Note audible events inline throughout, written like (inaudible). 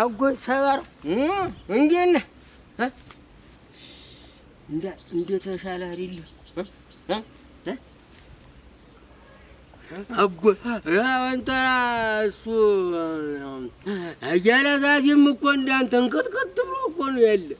አጎት ሰባር እንዴት ነህ? እንደተሻለ አይደለም አጎት እንትና እሱ እያለ እኮ እንዳንተ እንቅጥቅጥ ብሎ እኮ ነው ያለ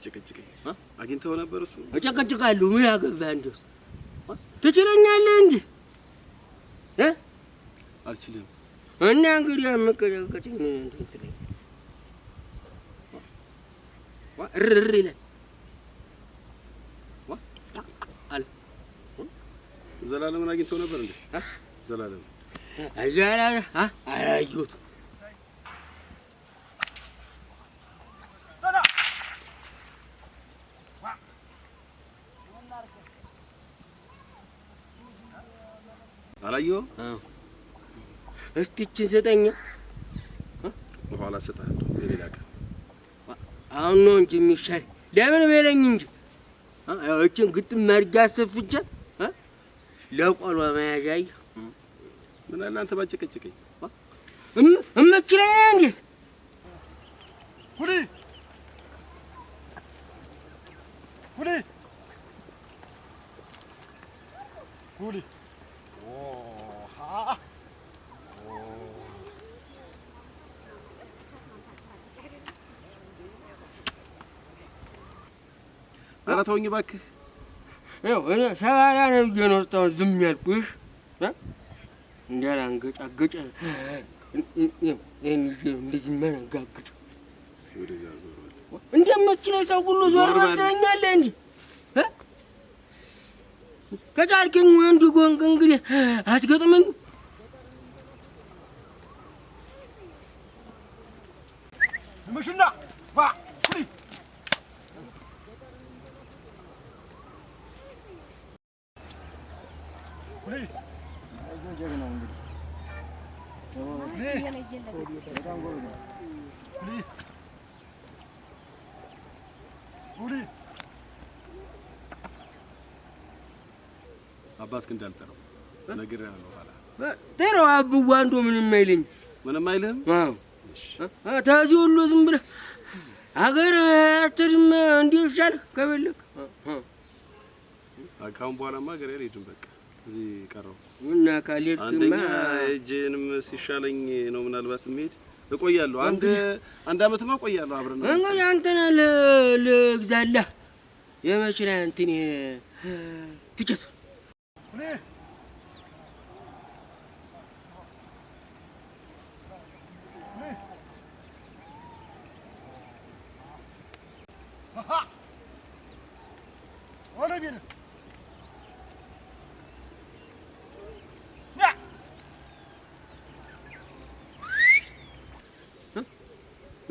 አታስጨቀጭቀኝ። አግኝተኸው ነበር? እሱ እጨቀጭቃለሁ። ምን አገባህ? እንደውስ ትችለኛለህ እንጂ አልችልም። እና እንግዲህ የምቀጨቀጭኝ እንትን ትለኝ እርር ይላል ዘላለምን አግኝተኸው ነበር እንዴ? ዘላለም አላየሁትም ነው። እስቲ ይህችን ስጠኛ በኋላ እሰጥሀለሁ የሌላ ቀን። አሁን ነው እንጂ የሚሻል ለምን በለኝ እንጂ ይህችን ግጥም መርጃ አሰፍቼ ለቆሎ መያዣ ምን አለ አንተ እምችለኝ እንዴት ሁሌ ሁሌ ሁሌ ጨረተውኝ እባክህ። ይኸው እኔ ሰባራ ነው እየኖርተው ዝም ያልኩሽ እንዳላንገጫገጭ እንደመነጋግጭ እንደምችለው ሰው ሁሉ ዞር በል ትለኛለህ። እንዲ ከቻልክኝ ወንድ ጎንክ እንግዲህ አትገጥመኝ ምሽና አባትህ እንዳልጠራው ነግሬሃለሁ። ኋላ ጠራው። አብዋ አንዶ ምንም አይለኝ። ምንም አይልህም? አዎ። ታዚ ሁሉ ዝም ብለህ አገር አትድም። እንዲህ ይሻልህ ከበለክ። ካሁን በኋላማ አገር አልሄድም በቃ እዚህ ቀረው እና ካልሄድክማ እጄንም ሲሻለኝ ነው ምናልባት የምሄድ እቆያለሁ። አንድ አንድ አመትማ እቆያለሁ። አብረን እንግዲህ አንተና ልግዛላ የመችላ እንትን ትጨት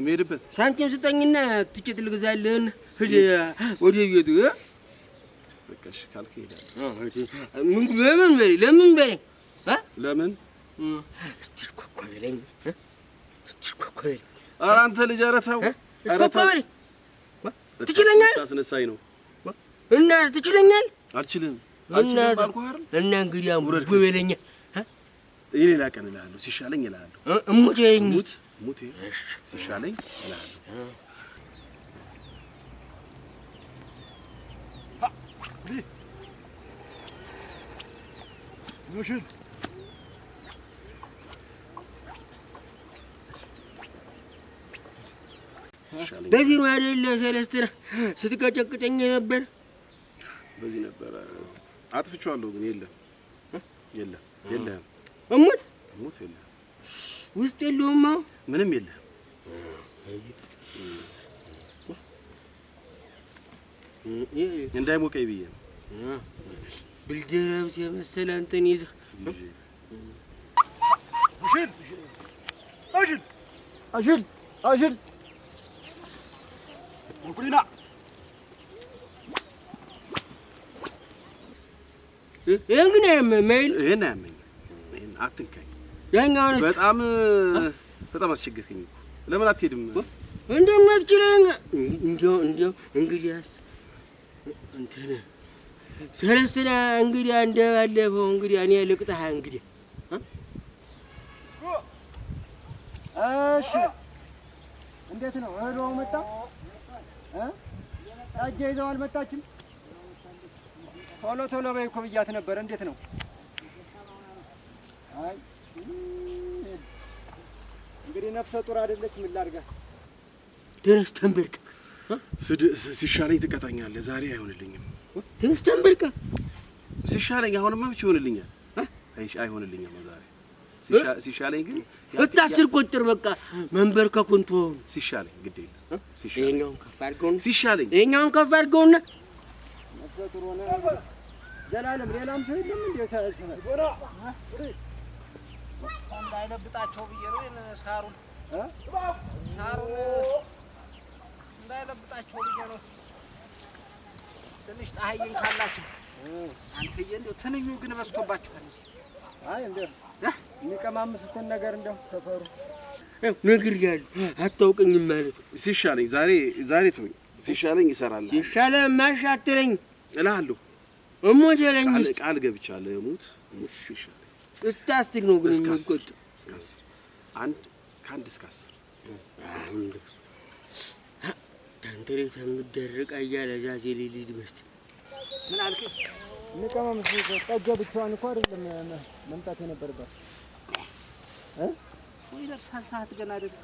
የምሄድበት። ሳንቲም ስጠኝና ትኬት ልግዛልህን። ሂድ ወደ ቤቱ። በቃ ካልክ ለምን በለኝ፣ ለምን በለኝ፣ ለምን እስቲ በለኝ፣ እስቲ በለኝ። ኧረ አንተ ልጅ፣ ኧረ ተው፣ ኮኮ በለኝ። ትችለኛለህ? አስነሳኝ ነው እና ትችለኛለህ? አልችልም እና እንግዲህ በለኛ። ሌላ ቀን እልሃለሁ፣ ሲሻለኝ እልሃለሁ። እሙት በለኝ ሙቴ ሲሻለኝ ሽን በዚህ ነው አይደለ? ሰለስትን ስትቀጨቅጨኝ ነበር። በዚህ ነበረ። አጥፍቼዋለሁ፣ ግን የለም የለም የለም። እሙት እሙት የለም ውስጥ የለውም። ምንም የለ። እንዳይሞቀኝ ብዬ ነው። ብልደረብስ የመሰለ አንተን ይዘህ አሽል አሽል ሙኩሪና ይህን ግን ያመኝ ይህን አያመኝ። አትንካኝ። ያኛውን በጣም በጣም አስቸገርከኝ። ለምን አትሄድም? እንደማትችለኝ እንዲያው እንዲያው እንግዲያስ እንትን ሰለስና እንግዲያ እንደባለፈው እንግዲያ እኔ ልቅጣህ እንግዲያ እሺ እንዴት ነው እህሎ መጣ ጠጅ ይዘው አልመጣችም ቶሎ ቶሎ በይ እኮ ብያት ነበር እንዴት ነው አይ እንግዲህ ነፍሰ ጡር አይደለች። ምን ላድርጋት? ደረስ ተንበርክ። ሲሻለኝ ትቀጣኛለህ። ዛሬ አይሆንልኝም። ደረስ ተንበርክ። ሲሻለኝ አሁንማ ብቻ ይሆንልኛል። አይሆንልኝም ዛሬ ሲሻለኝ ግን እታስር ቁጥር በቃ መንበርከኩን ትሆኑ ሲሻለኝ ግድ የለም። ይኸኛውን ከፍ አድርገውና ሲሻለኝ ይኸኛውን ከፍ አድርገውና ዘላለም ሌላም ሰው የለም እንደ እንዳይለብጣቸው ብዬ ነው ሳሩን ሳሩን እንዳይለብጣቸው ብዬ ነው። ትንሽ ጣህዬን ካላችሁ አንተዬ፣ እንደው ትንኙ ግን በዝቶባችኋል። አይ እንደው የሚቀማምሱትን ነገር እንደው ሰፈሩ ነገር ያሉ አታውቀኝም ማለት ነው። ሲሻለኝ ዛሬ ዛሬ ተወኝ፣ ሲሻለኝ ይሰራል። ሲሻለ ማሻትለኝ እልሃለሁ። እሞት በለኝ ቃል ገብቻለሁ። የሙት ሙት ሲሻል እስከ አስር ነው ግን የሚቆጠው። እስከ አስር አንድ ከአንድ እስከ አስር ተንተሬ ተምደርቃ እያለ ዛዜ ሊሊድ መሰል ምን አልከኝ? ንቀማምስ ጠጃ ብቻዋን እኮ አይደለም መምጣት የነበረባት ወይ ደርሳል። ሰዓት ገና አይደለም።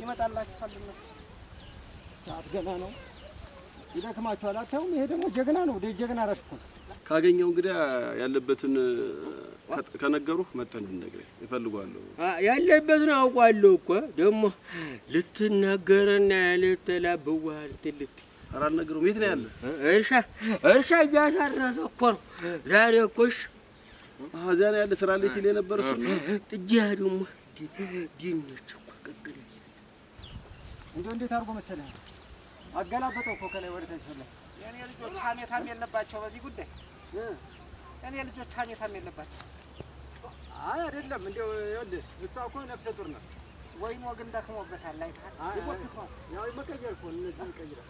ይመጣላችኋል። ሰዓት ገና ነው። ይደክማችኋል። አታዩም? ይሄ ደግሞ ጀግና ነው። ጀግና ራስ እኮ ካገኘው እንግዲህ ያለበትን ከነገሩ መጠን ብነግረኝ እፈልጓለሁ። ያለበትን አውቋለሁ እኮ ደግሞ ልትናገረና ልትላብዋ ልትልት ኧረ አልነገሩም። የት ነው ያለ? እርሻ እርሻ እያሳረሰ እኮ ነው ዛሬ እኮ። እዚያ ነው ያለ ስራ ላይ ሲል የነበረ እሱ ጥጃ ደግሞ ድንች እኮ ቀቅል ያለ እንዴት አድርጎ መሰለህ አገላበጠው እኮ ከላይ ወደ ታች ሁላ። የእኔ ልጆች ሀሜታም የለባቸው በዚህ ጉዳይ እኔ ልጆች ሀሜታም የለባቸው። አይ አይደለም፣ እንደው ይኸውልህ፣ እሷ እኮ ነፍሰ ጡር ነው። ወይም ወግን ደክሞበታል። ላይ ያው መቀየር እኮ እነዚህ ይቀይራል።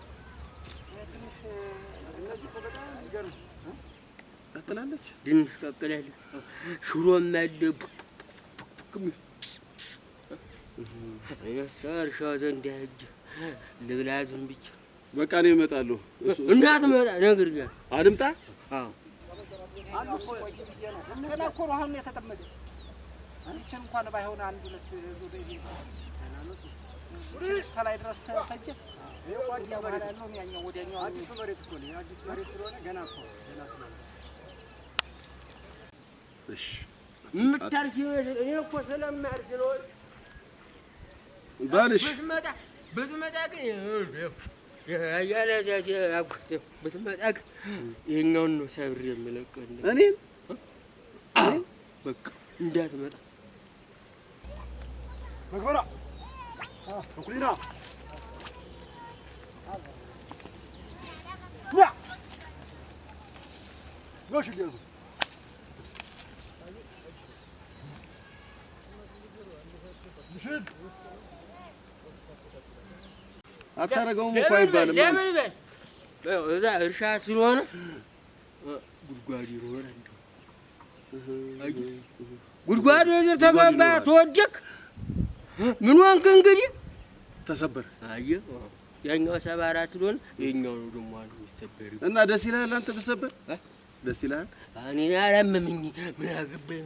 ቀጥላለች፣ ድንሽ ቀጥላለች። ሽሮም አለ እኔ እሷ እርሻ ዘንድ ያህል ልብላ ዝም ብቻ በቃ ነው እመጣለሁ። እንዳትመጣ ነገር ጋር አድምጣ። አዎ እንኳን ባይሆን አንድ ሁለት ከላይ ድረስ ተፈጀ። አዲሱ መሬት እኮ ነው፣ አዲስ መሬት ስለሆነ ገና እኮ ገና ስለሆነ እሺ ብትመጣ ግን ያለዳጅ አኩት ብትመጣ ግን ይኸኛውን ነው ሰብር የምለቀል። እኔም በቃ እንዳትመጣ መግበራ እኩሊና ሎሽ ሊያዙ ምሽል አታረገውም እኮ አይባልም። ለምን በል እዛ እርሻ ስለሆነ ጉድጓድ ይሆን ጉድጓድ ወይዘር ተገባ ተወጀክ ምን ወንክ እንግዲህ ተሰበር። አየህ ያኛው ሰባ ስለሆነ የኛው ነው ደግሞ አሉ ይሰበር እና ደስ ይላል። አንተ ተሰበር ደስ ይላል። እኔ አላመመኝ ምን አገባኝ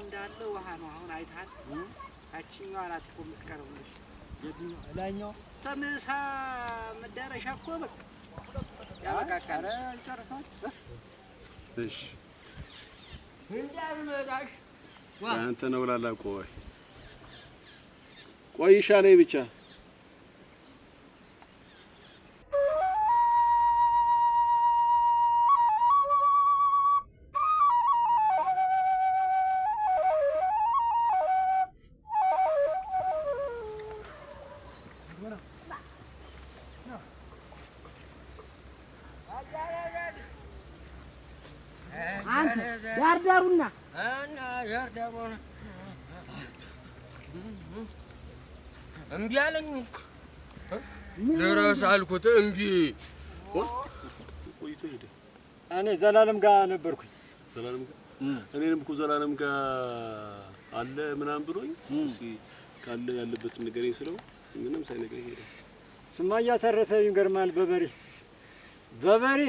እንዳለ ውሃ ነው። አሁን አይተሃል ታችኛዋ ናት የምትቀረው ነች ላኛው እስከ ምሳ መዳረሻ እኮ በቃ ያበቃቃል። ጨርሰዋል። እሺ እንዳልመጣሽ አንተ ነው ላላ ቆይ ቆይሻ ላይ ብቻ እምቢ አለኝ። ለራስ አልኩት እምቢ። እኔ ዘላለም ጋር ነበርኩኝ። ዘላለም ጋር እኔንም እኮ ዘላለም ጋር አለ ምናምን ብሎኝ እስኪ ካለ ያለበትን ንገረኝ ስለው ምንም ሳይነግረኝ ሄደ። ስማ እያሰረሰ ይገርማል። በበሬ በበሬ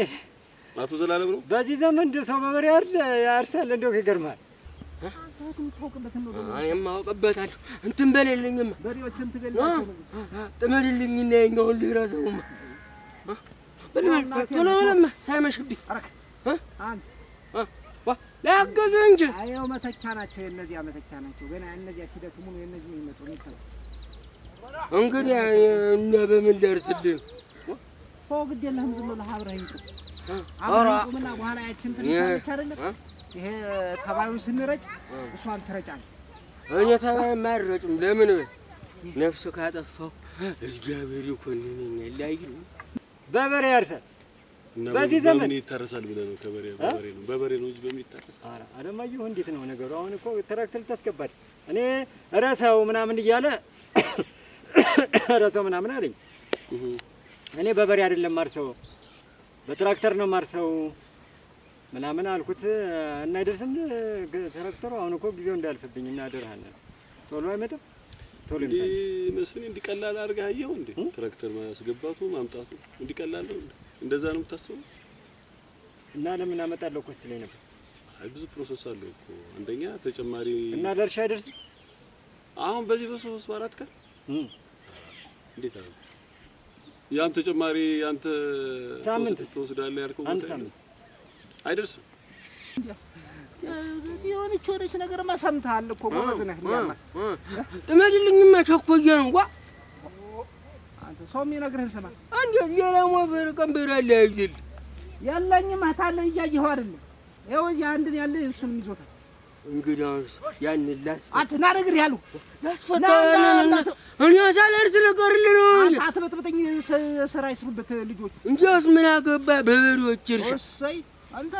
አቶ ዘላለም ነው። በዚህ ዘመን ሰው በበሬ አይደል ያርሳል። እንደው ይገርማል። የማውቅበታቸው እንትን በሌለኝም ጥመድልኝ እና የኛውን ልረሰውም ቶሎ በለማ ሳይመሽብኝ ላያገዝህ እንጂ ይኸው መተቻ ናቸው። የእነዚያ መተቻ ናቸው። ገና እነዚያ ሲደክሙ ነው የእነዚህ የሚመጡ የሚተው እንግዲህ እና በምን ደርስልህ ሆ ግድ የለህም ዝም ብለህ አብረህ ሂድ አብረህ ሂድ ምና በኋላ ያችን ትንሽ አይቻልም ይሄ ተባዩን ስንረጭ እሷን ትረጫለህ። እኔ ተባዩን ማረጭም። ለምን ነፍስ ካጠፋው እግዚአብሔር ይኮንነኛል። ላይ በበሬ ያርሳል። በዚህ ዘመን በምን ይታረሳል ብለህ ነው? ከበሬ በበሬ ነው፣ በበሬ ነው እንጂ በምን ይታረሳል? አለማየሁ እንዴት ነው ነገሩ? አሁን እኮ ትረክትል ተስገባል። እኔ እረሳው ምናምን እያለ እረሳው (coughs) ምናምን አለኝ። እኔ በበሬ አይደለም ማርሰው፣ በትራክተር ነው ማርሰው ምናምን አልኩት። እናይደርስም ትራክተሩ አሁን እኮ ጊዜው እንዳልፍብኝ እናደርሃለ ቶሎ አይመጣም። ቶሎ እንዲህ መስፍን እንዲቀላል አድርገህ አየኸው እንዴ? ትራክተር ማስገባቱ ማምጣቱ እንዲቀላል ነው። እንደዛ ነው የምታስበው? እና ለምን አመጣለሁ እኮ ስትለኝ ነበር። አይ ብዙ ፕሮሰስ አለው እኮ አንደኛ ተጨማሪ እና ለእርሻ አይደርስ አሁን በዚህ በሶስት በአራት ቀን እንዴት አለ? ያን ተጨማሪ ያንተ ሳምንት ትወስዳለህ ያልከው አንድ ሳምንት አይደርስም። የሆነች የሆነች ነገር ማሰምተሃል እኮ ጎበዝ ነህ። ጥመድልኝማ ቸኮዬ እንኳ አንተ ሰው የሚነግርህን ስማ። እንዴት የላሞ ፍርቅም ብራለ አይችል ያላኝ ማታለ እያየሁ አይደለም። ይኸው እዚህ አንድን ያለ እሱንም ይዞታል። እንግዲያውስ ያን ላስ አንተ ና ያሉ ላስፈታ እኔ ሳለር እንዲያውስ ምን አገባ በበሬዎች እርሻ አንተ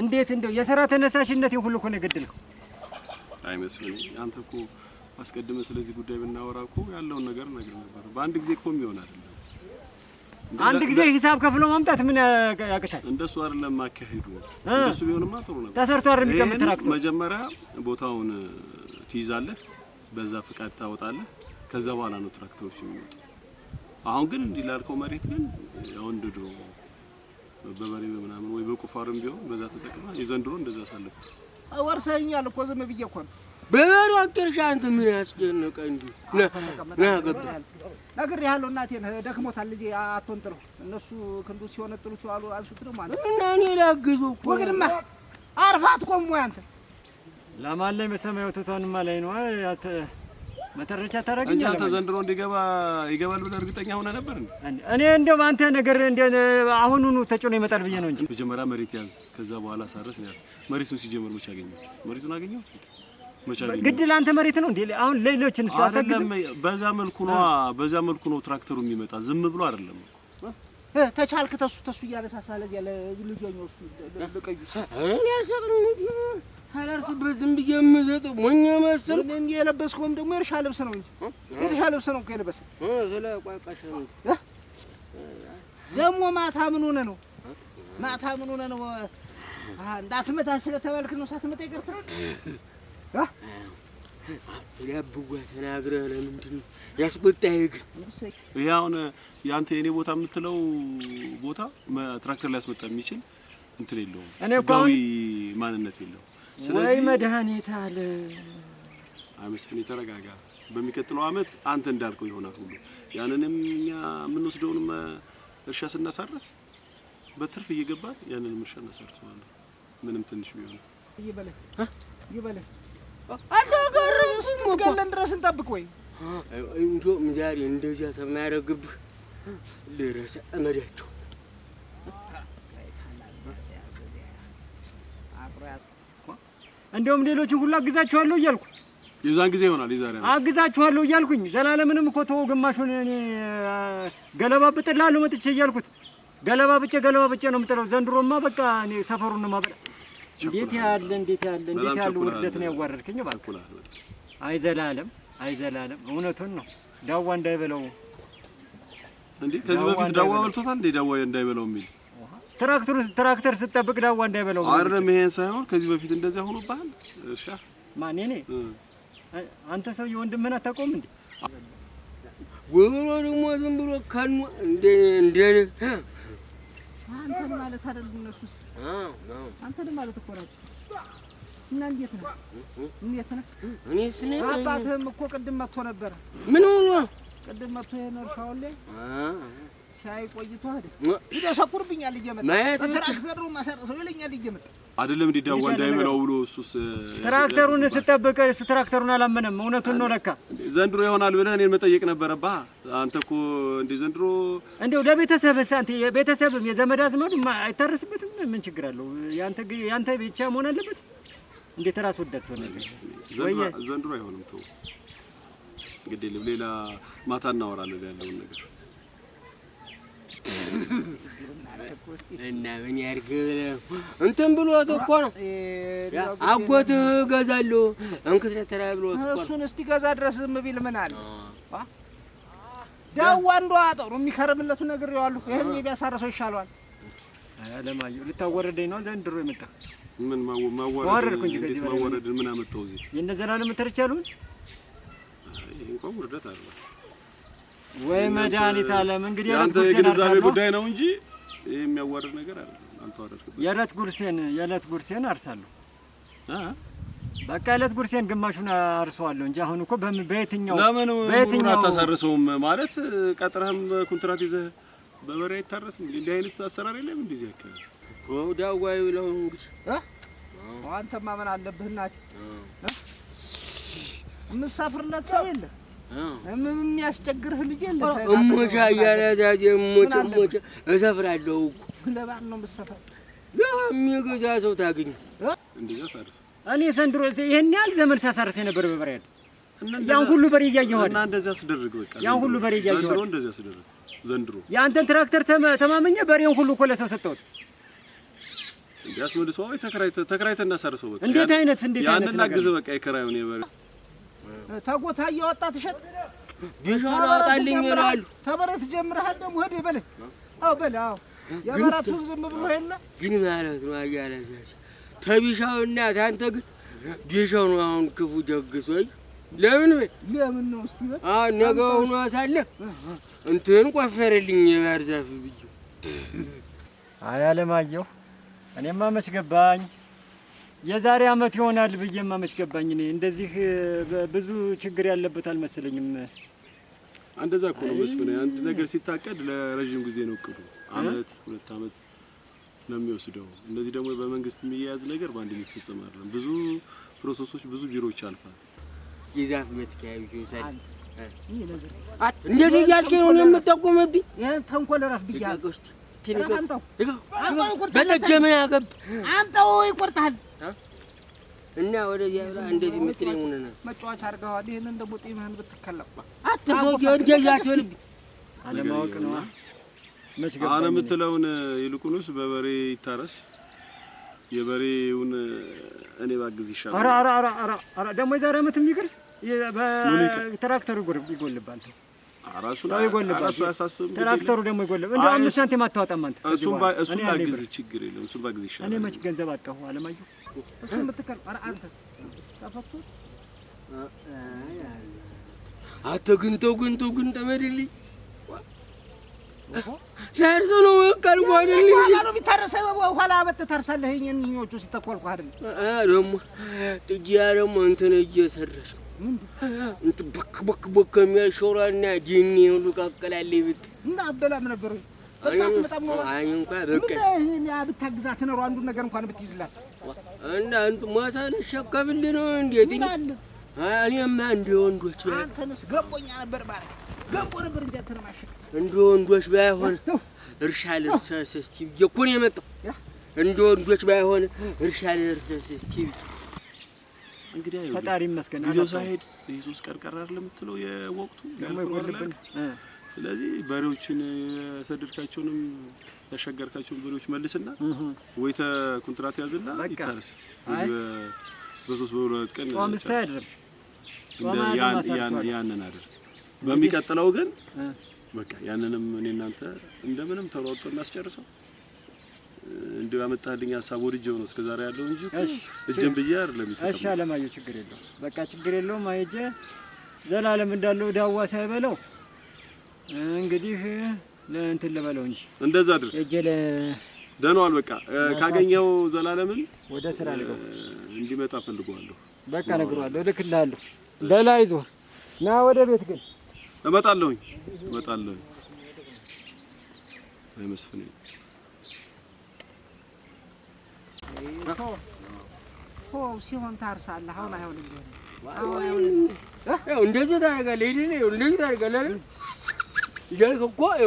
እንዴት እንደው የሥራ ተነሳሽነቴን ሁሉ እኮ ነው የገደልከው። አይመስለኝም። አንተ እኮ አስቀድመ ስለዚህ ጉዳይ ብናወራ እኮ ያለውን ነገር ነገር ነበር። በአንድ ጊዜ እኮ የሚሆን አይደለም። አንድ ጊዜ ሂሳብ ከፍሎ ማምጣት ምን ያቅታል? እንደሱ አይደለም አካሄዱ። እንደሱ ቢሆንማ ጥሩ ነበር። ተሰርቶ አይደል የሚቀመጥ ትራክተር። መጀመሪያ ቦታውን ትይዛለህ፣ በዛ ፍቃድ ታወጣለህ። ከዛ በኋላ ነው ትራክተሮች የሚወጡ። አሁን ግን እንዲህ ላልከው መሬት ግን ያው እንደ ድሮ በበሬ በምናምን ወይ በቁፋርም ቢሆን በዛ ተጠቅማ የዘንድሮ እንደዛ ሳለፍ አዋርሰኛል እኮ ዝም ብዬ እኮ ነው። በበሬ አጥርሻ አንተ ምን ያስጨነቀ እንጂ ና ገብ ነገር ያለው እናቴን ደክሞታል ልጄ አትወንጥለው። እነሱ ክንዱ ሲሆነ ጥሩ ሲዋሉ አንሱት ነው ማለት እና እኔ ላግዙ እኮ ወግድማ አርፋት ቆሞ ያንተ ላማለኝ በሰማዩ ተቷንማ ላይ ነው አይ መተረቻ ታረግኝ አንተ ዘንድሮ እንዲገባ ይገባል ብለህ እርግጠኛ ሆነ ነበር እንዴ? እኔ እንደው አንተ ነገር እንደ አሁኑኑ ተጭኖ ይመጣል ብዬ ነው እንጂ መጀመሪያ መሬት ያዝ፣ ከዛ በኋላ ሳረስ ነው። መሬቱን ሲጀምር መች አገኘው? መሬቱን አገኘው መች ግድ ለአንተ መሬት ነው እንዴ? አሁን ሌሎችን ሰው በዛ መልኩ ነው በዛ መልኩ ነው ትራክተሩ የሚመጣ ዝም ብሎ አይደለም። እኮ ተቻልክ ተሱ ተሱ እያነሳሳለ ያለ ልጅ ነው እሱ ለቀዩ ሳላርስበት ዝም ብዬ የምዘጥ ሞኝ መስል የለበስከውም ደግሞ የእርሻ ልብስ ነው እንጂ የእርሻ ልብስ ነው እኮ የለበስከው። ደግሞ ማታ ምን ሆነ ነው? ማታ ምን ሆነ ነው? እንዳትመታ ስለተባልክ ነው ሳትመታ ይቀርታል። ያብዋ ተናግረህ ለምንድን ነው ያስቆጣህ? ግን ይሄ አሁን የአንተ የእኔ ቦታ የምትለው ቦታ ትራክተር ላይ ሊያስመጣ የሚችል እንትን የለውም። ህጋዊ ማንነት የለውም። ወይ መድኃኒት አለ አይመስፍን፣ የተረጋጋ በሚቀጥለው አመት አንተ እንዳልከው ይሆናል ሁሉ። ያንንም እኛ የምንወስደውንም እርሻ ስናሳርስ በትርፍ እየገባን ያንንም እርሻ እናሳርሰዋለን። ምንም ትንሽ ቢሆን ይበላል ይበላል። አንተ ጋር እስክትገለን ድረስ እንጠብቅ ወይ እንዶ ዛሬ እንደዚያ ተማረግብህ ልረሳ እመዳቸው እንደውም ሌሎችን ሁሉ አግዛችኋለሁ እያልኩ የዛን ጊዜ ይሆናል የዛሬ አግዛችኋለሁ እያልኩኝ ዘላለምንም እኮ ተወው፣ ግማሹን እኔ ገለባ ብጥላለሁ መጥቼ እያልኩት ገለባ ብጨ ገለባ ብጨ ነው የምጥለው። ዘንድሮማ በቃ እኔ ሰፈሩን ማበላ እንዴት ያለ እንዴት ያለ እንዴት ያለ ውርደት ነው ያዋረድከኝ ባልኩ። አይ ዘላለም አይ ዘላለም እውነቱን ነው ዳዋ እንዳይበለው እንዴ። ከዚህ በፊት ዳዋ በልቶታል እንዴ? ዳዋ እንዳይበለው የሚል ትራክተር ትራክተር ስጠብቅ ዳዋ እንዳይበላው አይደለም። ይሄን ሳይሆን ከዚህ በፊት እንደዚያ ሆኖብሃል። እሻ ማን እኔ? አንተ ሰውዬ ወንድምህን አታውቀውም እንዴ? ጎበሮ ደግሞ ዝም ብሎ ካኑ እንደ እንደ አንተ ማለት አይደለም። እነሱስ አንተን ማለት እኮ ናቸው። እና እንዴት ነው እንዴት ነው? እኔ ስኔ አባትህም እኮ ቅድም መጥቶ ነበረ። ምን ሆኖ ቅድም መጥቶ ይሄን እርሻውን ላይ ሻይ ቆይቶ ይደሰኩርብኛል ይለኛል። አይደለም እንዴ እንዳይበላው ብሎ እሱስ ትራክተሩን ስጠብቅ እሱ ትራክተሩን አላመነም። እውነቱን ነው ለካ ዘንድሮ ይሆናል ብለህ እኔን መጠየቅ ነበረብህ። አንተ እኮ እንዴ ዘንድሮ እንደው ለቤተሰብ አንተ የቤተሰብም የዘመድ አዝመድ አይታረስበትም። ምን ችግር አለው? ያንተ ያንተ ብቻ መሆን አለበት። እንዴት ራስ ወዳድ ትሆናለህ? ዘንድሮ አይሆንም። ተው እንግዲህ ሌላ ማታ እናወራለን ያለውን ነገር እና ምን ያርግ እንትን ብሎት እኮ ነው አጎትህ እገዛለሁ እንክትነት ተራ ብሎት እኮ ነው። እሱን እስቲ ገዛ ድረስ ዝም ቢል ምን አለ? ዳዋ እንደው አጠሩ የሚከርምለቱን ነግሬዋለሁ። ይህን ቢያሳረሰው ይሻለዋል። አለማየሁ ልታወረደኝ ነው ዘንድሮ የመጣህ? ምን ማዋረድ እንጂ ከዚህ ማዋረድ ምን አመጣው እዚህ? የእነ ዘላለም ተርቻለሁን? እንኳን ውርደት አለ ወይ መድኃኒት አለም። እንግዲህ ያንተ የግንዛቤ ጉዳይ ነው እንጂ ይሄ የሚያዋርድ ነገር የዕለት ጉርሴን የዕለት ጉርሴን አርሳለሁ። በቃ የዕለት ጉርሴን ግማሹን አርሰዋለሁ እንጂ አሁን እኮ በየትኛው በየትኛው አታሳርሰውም? ማለት ቀጥረህም ኮንትራት ይዘህ በበሬ አይታረስም። እንዲህ አይነት አሰራር የለም። እንደዚህ እንግዲህ ሰው የሚያስቸግርህ ልጅ የለም። እሞቻ እያለዛዜ እሞች እሞች እሰፍራለሁ እኮ ለማን ነው የምትሰፋው? የሚገዛ ሰው ታገኝ። እኔ ዘንድሮ ይህን ያህል ዘመን ሳሳርስ የነበር በበሬ ያለ ያን ሁሉ በሬ እያየኋል። ያን ሁሉ በሬ እያየኋል። ዘንድሮ የአንተን ትራክተር ተማመኘ በሬውን ሁሉ እኮ ለሰው ሰጠሁት። እንዲያስመልሰው ተከራይተህ እናሳርሰው። በቃ እንዴት አይነት እንዴት አይነት ያንን አግዘህ በቃ የከራዩን የበሬ ተጎታ እያወጣ ትሸጥ ዲሻ አጣልኝ ይላል። ተበረት ጀምረሃል ደግሞ ሂድ በለ አው በለ አው የበረቱ ዝም ብሎ የለ ግን ማለት ነው አያለ ተቢሻው እና ታንተ ግን ዲሻው ነው አሁን ክፉ ደግስ ወይ ለምን በል ለምን ነው እስቲ በል። አ ነገ ሆኖ አሳለ እንትን ቆፈረልኝ የባህር ዛፍ ብዬ አላለማየሁ እኔማ መች ገባኝ። የዛሬ አመት ይሆናል ብዬማ መች ገባኝ። እኔ እንደዚህ ብዙ ችግር ያለበት አልመሰለኝም። እንደዛ እኮ ነው መስፍን፣ አንድ ነገር ሲታቀድ ለረጅም ጊዜ ነው እቅዱ። አመት ሁለት አመት ነው የሚወስደው። እንደዚህ ደግሞ በመንግስት የሚያያዝ ነገር በአንድ የሚፈጸም አይደለም። ብዙ ፕሮሰሶች፣ ብዙ ቢሮዎች አልፋል። የዛፍ መትከያ ይውሳል። እንደዚህ እያልከኝ ነው የምጠቁምብኝ። ተንኮል እረፍ ብያለሁ። በጠጀ ምን ይቆርጣል። እና ወደዚያ ብላ እንደዚህ የምትል የሙንና መጫወቻ አድርገዋል። ይልቁንስ በበሬ ይታረስ የበሬውን እኔ ባግዝ ይሻላል። ኧረ ኧረ ኧረ ደግሞ የዛሬ ዓመት የሚቅር በትራክተር ይጎልባል። ትራክተሩ ደግሞ ይጎልብ እንደ አምስት ሳንቲም አንተ። እሱን ባግዝ ችግር የለም እሱን ባግዝ ይሻላል። እኔ መች ገንዘብ አጣሁ አለማየሁ። አንተ ግን ተመድልኝ ነው ነው ኋላ ታርሳለህ። ኞቹ ሲተኮልኩ አይደል ደግሞ ደግሞ እንትን ብክ ብክ ብክ ጅኒ ሁሉ እና አበላም ነበር በጣም በጣም ነው። አይ እንኳን በቃ ምን ያ ነገር እንኳን ብትይዝላት እና አንተ ማሳ ነው እንዴት ይላል። እኔማ እንደ ወንዶች አንተንስ ነበር ነበር እንዴ እንደ ወንዶች ባይሆን እርሻ ልርሰስ እስቲ እኮ ነው የመጣው። እንደ ወንዶች ባይሆን እርሻ ልርሰስ እስቲ እንግዲህ ፈጣሪ ይመስገን ጊዜው ሳይሄድ ኢየሱስ ቀርቀር አይደል የምትለው የወቅቱ ደግሞ ይቆልብን። ስለዚህ በሬዎችን የሰደድካቸውንም ያሻገርካቸውን በሬዎች መልስና ወይተ ኮንትራት ያዝና ይታረስ። በሶስት በሁለት ቀን ጾም ሳይደርም ያንን አይደል። በሚቀጥለው ግን በቃ ያንንም እኔ እናንተ እንደምንም ተሯርጦ እናስጨርሰው። እንዲያው ያመጣልኝ ሀሳብ ወድጄው ነው እስከዛሬ ያለው እንጂ እጅም ብዬ አይደለም። እሺ አለማየሁ፣ ችግር የለው በቃ ችግር የለውም። አይጄ ዘላለም እንዳለው ዳዋ ሳይበለው እንግዲህ ለእንትን ልበለው እንጂ እንደዛ ድር እጄ ለ ደኗል። በቃ ካገኘው ዘላለምን ወደ ስራ ልገው እንዲመጣ ፈልገዋለሁ። በቃ ነግሯለሁ፣ እልክልሃለሁ። ደህና ይዞ ና ወደ ቤት ግን እመጣለሁኝ፣ እመጣለሁኝ። አይ ሲሆን ታርሳለህ። አሁን አይሆን እንደዚህ ታደርጋለህ። ይሄ እንደዚህ ታደርጋለህ እያልክ እኮ አይ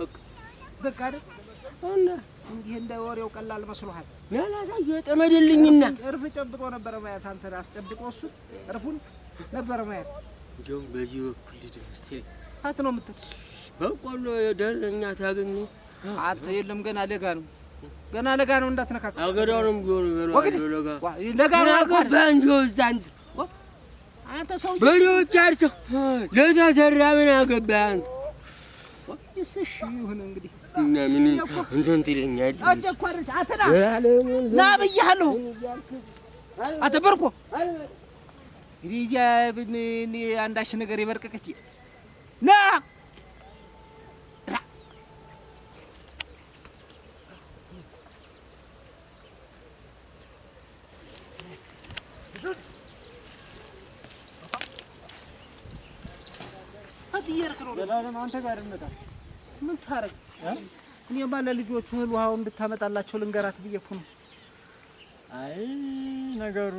በቃ በቃ እንዲህ እንደ ወሬው ቀላል መስሎሃል? ላሳየህ ጠመድልኝና እርፍ ጨብጦ ነበረ ማየት። አንተ አስጨብጦ እሱ እርፉን ነበረ ማየት። እንዲያውም በዚህ በኩል ነው የምትል በቆሎ ደለኛ ታገኘ። አንተ የለም ገና ለጋ ነው ገና ለጋ ነው እንዳትነካካ። አገዳው ነው የሚሆኑ ለጋ ለጋ ነው ባንጆ አንተ ሰው ምን አገባ አንተ ይሁን እንግዲህ እና ምን እንትን አተና ና አንዳች ነገር የበርቀቀች ና ምን ታረግ? እህል ውሃው እንድታመጣላቸው ልንገራት ብዬ እኮ ነው። አይ ነገሩ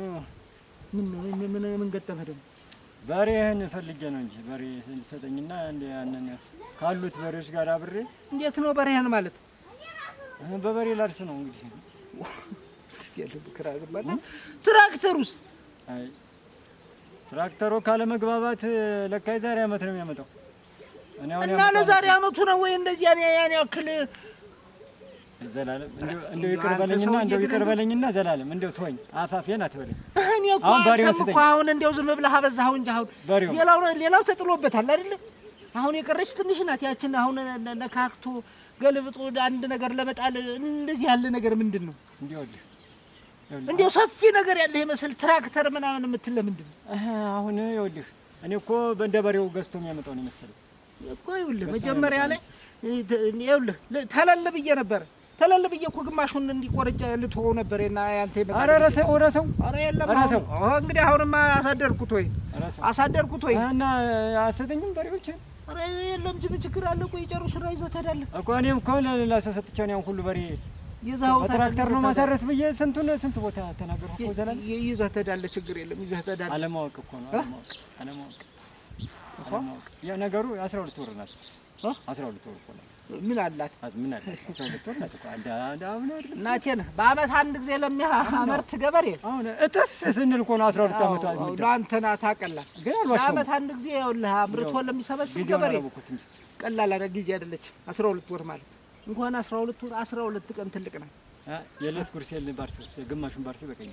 ምን ምን ምን ገጠመህ ደግሞ? በሬህን ፈልጌ ነው እንጂ በሬ ሰጠኝና ያንን ካሉት በሬዎች ጋር አብሬ። እንዴት ነው በሬህን ማለት? በበሬ ላርስ ነው እንግዲህ ትራክተሩስ? አይ ትራክተሩ ካለመግባባት ለካ የዛሬ አመት ነው የሚያመጣው እና ለዛሬ አመቱ ነው ወይ እንደዚህ ያን ያክል ዘላለም እንደው ይቅር በለኝና እንደው ይቅር ዘላለም እንደው ተወኝ፣ አፋፌን አትበለኝ። እኔ እኮ አንተም እኮ አሁን እንደው ዝም ብለህ አበዛኸው እንጂ አሁን ሌላው ሌላው ተጥሎበታል አይደለ? አሁን የቀረች ትንሽ ናት ያችን። አሁን ነካክቶ ገልብጦ አንድ ነገር ለመጣል እንደዚህ ያለ ነገር ምንድን ነው እንደው ሰፊ ነገር ያለ ይመስል ትራክተር ምናምን የምትል ለምንድን ነው አሁን? ይኸውልህ እኔ እኮ እንደ በሬው ገዝቶ የሚያመጣው ነው የመሰለኝ እኮ ይኸውልህ መጀመሪያ ላይ ይኸውልህ ተለል ብዬ ነበረ ተለል ብዬ እኮ ግማሹን እንዲቆርጫ ልትሆው ነበር እና ያንተ ይመጣ ኧረ ረሰው ረሰው ኧረ የለም ረሰው አሁን እንግዲህ አሁንማ አሳደርኩት ወይ አሳደርኩት ወይ እና አሰተኝም በሬዎች ኧረ የለም ጅብ ችግር አለ ቆይ ጨርሱና ይዘህ ትሄዳለህ እኮ እኔም እኮ ለሰው ሰጥቼ ነው ያን ሁሉ በሬ ይዘኸው ትራክተር ነው ማሳረስ ብዬ ስንቱን ስንት ቦታ ተናገርኩ እኮ ዘላለም ይዘህ ትሄዳለህ ችግር የለም ይዘህ ትሄዳለህ አለማወቅ እኮ ነው አለማወቅ አለማወቅ ነገሩ አስራ ሁለት ወር ናት። አስራ ሁለት ወር እኮ ናት። ምን አላት ምን አላት? አስራ ሁለት ወር ናት እኮ እናቴ በአመት አንድ ጊዜ ለሚያመርት ገበሬ አሁን እጥስ ስንል እኮ ነው አስራ ሁለት አመት ለአንተና ታቀላል። ግን በአመት አንድ ጊዜ ይኸውልህ አምርቶ ለሚሰበስብ ገበሬ ቀላል አረ ጊዜ አይደለች። አስራ ሁለት ወር ማለት እንኳን አስራ ሁለት ወር አስራ ሁለት ቀን ትልቅ ናት። የዕለት ጉርሴን ግማሹን ባርሰው በቀኝ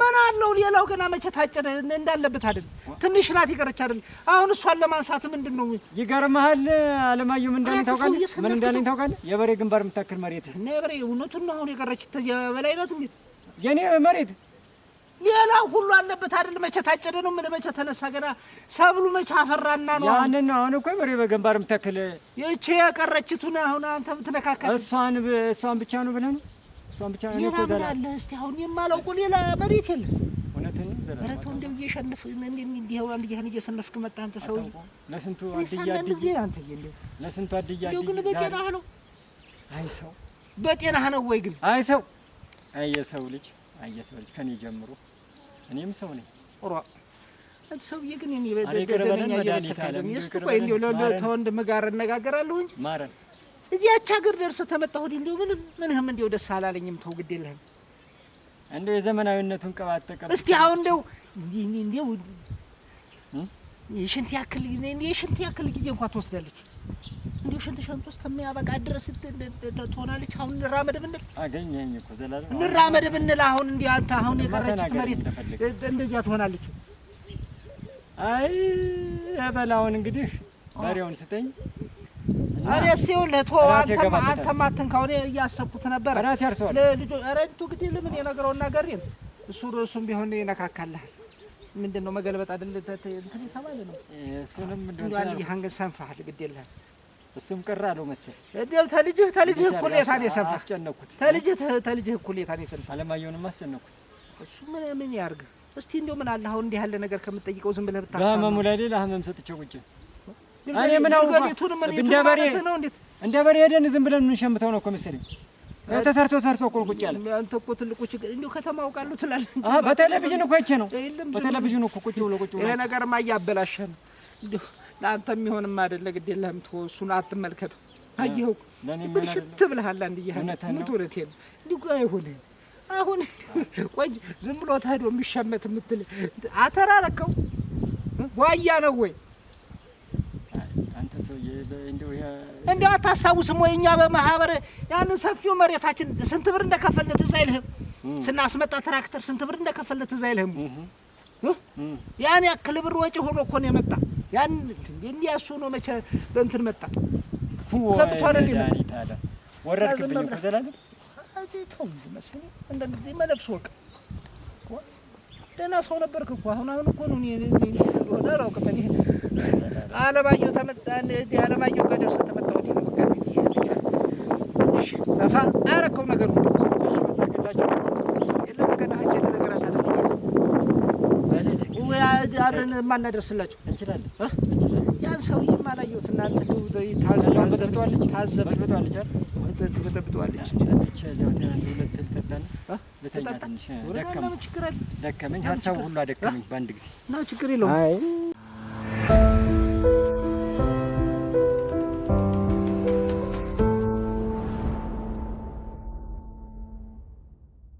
ምን አለው ሌላው ገና መቼ ታጨደ እንዳለበት አይደል? ትንሽ ናት ይቀረች አይደል? አሁን እሷን ለማንሳት ምንድን ነው ይገርምሃል። አለማየሁ ምን እንዳለኝ ታውቃለህ? ምን እንዳለኝ ታውቃለህ? የበሬ ግንባር የምታክል መሬት እና የበሬ እውነቱን ነው አሁን የቀረች በላይ ናት። እንዴት የኔ መሬት ሌላው ሁሉ አለበት አይደል? መቼ ታጨደ ነው ምን መቼ ተነሳ ገና ሰብሉ መቼ አፈራና ነው ያን ነው አሁን እኮ የበሬ በግንባር የምታክል ይቺ የቀረችቱን አሁን አንተ ብትነካከል እሷን እሷን ብቻ ነው ብለህ ነው እሷን ብቻ ነው እኮ ዘላ አለ። እስቲ አሁን የማላውቀው ሌላ መሬት የለ። እውነትን ዘላ ረቶ እንደው እየሸንፍ እንደም እንዲያው አንድ ይሄን እየሰነፍክ መጣ አንተ ሰው። ለስንቱ አድያ አድያ አንተ ይልህ ለስንቱ አድያ አድያ ግን በጤናህ ነው። አይ ሰው በጤናህ ነው ወይ ግን አይ ሰው አይ የሰው ልጅ አይ የሰው ልጅ ከኔ ጀምሮ እኔም ሰው ነኝ። ኦራ አንተ ሰውዬ ግን እኔ በደደኛ እየሰከለ ነው። እስቲ ቆይ እንደው ለተወንድም ጋር እነጋገራለሁ እንጂ ማረን እዚያች ሀገር ደርሰህ ተመጣሁ ዲ እንዲሁ ምን ምንህም እንዲሁ ደስ አላለኝም። ተው ግድ የለህም። እንደው የዘመናዊነቱን ቅባት ተቀብ እስቲ አሁን እንደው እንዲሁ የሽንት ያክል የሽንት ያክል ጊዜ እንኳ ትወስዳለች። እንዲሁ ሽንት ሸንት ውስጥ የሚያበቃ ድረስ ትሆናለች። አሁን እንራመድ ብንል አገኘኝ እኮ ዘላለም እንራመድ ብንል አሁን እንዲህ አንተ አሁን የቀረችት መሬት እንደዚያ ትሆናለች። አይ የበላውን እንግዲህ መሪውን ስጠኝ እኔ ሲው ለቶ አንተማ አንተማ አትንካው። እኔ እያሰብኩት ነበር ራሴ አርሰው ለልጆ ረጅቱ ግዲ ለምን የነገረውን ነገር ይል እሱ ርዕሱም ቢሆን ይነካካልሃል። ምንድን ነው መገልበጥ አይደል እንትን የተባለ ነው። እሱንም እንደው አንድ ይሃንገ ሰንፋህ ግድ የለህም። እሱም ቅር አለው መሰል እንደው ተልጅህ ተልጅህ እኩሌታ ነው የሰንፋህ። አስጨነኩት። ተልጅህ ተልጅህ እኩሌታ ነው የሰንፋህ። አለማየሁንም አስጨነኩት። እሱ ምን ምን ያርግ እስቲ። እንደው ምን አለ አሁን እንዲህ ያለ ነገር ከምትጠይቀው ዝም ብለህ ብታስታውስ። በህመሙ ላይ ሌላ ህመም ሰጥቼው ቁጭ እኔ ምን እንደ በሬ እንደ በሬ ሄደን ዝም ብለን የምንሸምተው ነው እኮ መሰለኝ። ተሰርቶ ሰርቶ እኮ ቁጭ ያለ አንተ እኮ ትልቁ ችግር እንዲሁ ከተማ አውቃለሁ ትላለህ እንጂ በቴሌቪዥን እኮ አይቼ ነው። በቴሌቪዥን እኮ ቁጭ ብሎ ቁጭ ብሎ ይሄ ነገርማ እያበላሸህ ነው። እንዲሁ ለአንተ የሚሆንም አይደለ። ግድ የለህም ተወው፣ እሱን አትመልከተው። አየኸው ሽት ብለሃል። አንድ እያህል ምን ትውለት ነው እንዲሁ አይሆንም። አሁን ቆይ ዝም ብሎ ተሄዶ የሚሸመት የምትል አተራረከው ዋያ ነው ወይ እንዲያው አታስታውስም ወይ? እኛ በማህበር ያን ሰፊው መሬታችን ስንት ብር እንደከፈልነት አይልህም? ስናስመጣ ትራክተር ስንት ብር እንደከፈልነት አይልህም? ያን ያክል ብር ወጪ ሆኖ እኮ ነው የመጣ። ያን እንዲያሱ ነው መቼ በእንትን መጣ ሰብቶ አረድ ደህና ሰው ነበርክ እኮ። አሁን አሁን እኮ ነው እኔ አለማየሁ ተመጣ አለማየሁ ጋር ደርሰህ ተመጣ ወዲህ ነው ጠፋ አረከው ነገሩ አብረን የማናደርስላቸው እንችላለን። ያን ሰውዬም አላየሁት። እናንተ ታዘበጥብጠዋለች። ችግር የለውም።